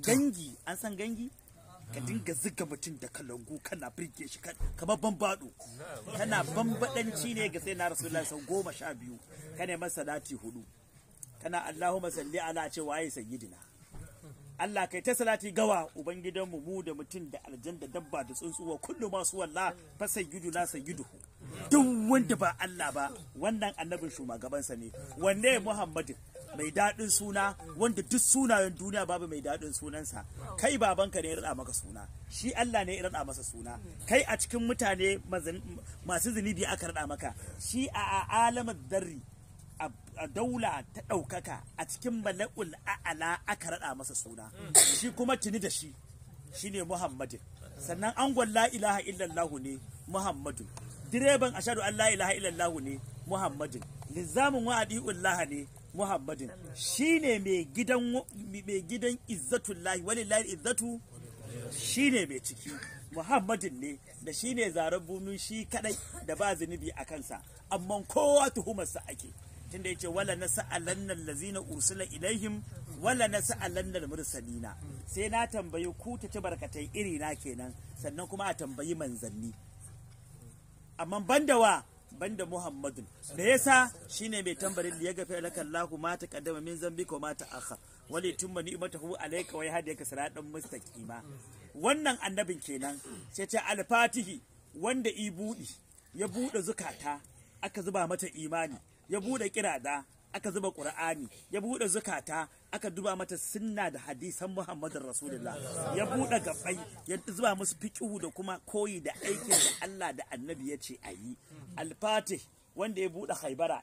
gangi an san gangi ka dinga ziga mutum da kalangu kana birge shi kamar bambaɗo kana bambadanci ne ga sai na rasulullah sau goma sha biyu kana masa dati hudu kana allahumma salli ala ce waye sayyidina Allah kai ta salati gawa ubangidanmu mu da mutum da aljan da dabba da tsuntsuwa kullum masu walla fa sayyidu la gidu duk wanda ba Allah ba wannan annabin shugabansa ne wanne Muhammadu mai daɗin suna wanda duk sunayen duniya babu mai daɗin sunansa kai babanka ne ya maka suna shi Allah ne ya rada masa suna kai a cikin mutane masu zunubi aka raɗa maka shi a alamar darri a daula ta ɗaukaka a cikin mala'ul a'ala aka raɗa masa suna shi kuma tuni da shi shi ne muhammadin sannan angon la ilaha illallahu ne muhammadu direban ashadu an la ilaha illallahu ne muhammadin lizamin wa'adi ullaha ne muhammadin ne mai gidan mai gidan izzatullahi walillahi izzatu ne mai ciki muhammadin ne da shi ne zaren bunun shi kadai da ba zunubi a kansa amma kowa tuhumarsa ake tunda yace wala nas'alanna lazina ursila ilaihim wala nas'alanna mursalina sai na tambayi ku ta ci barkatai iri na kenan sannan kuma a tambayi manzanni amma banda wa banda Muhammadu me yasa shine mai tambarin da ya gafe laka Allahu ma ta kaddama min zambi ko ma ta akha wali tumma ni'matahu alayka wa yahdika siratan mustaqima wannan annabin kenan sai ta alfatihi wanda ibudi ya bude zukata aka zuba mata imani ya buɗe kirada aka zuba ƙur'ani ya buɗe zukata aka duba mata sunna da hadisan muhammadin rasulullah ya buɗe gabai ya zuba musu fiƙihu da kuma koyi da aikin da allah da annabi ya ce a yi alfatih wanda ya buɗe haibara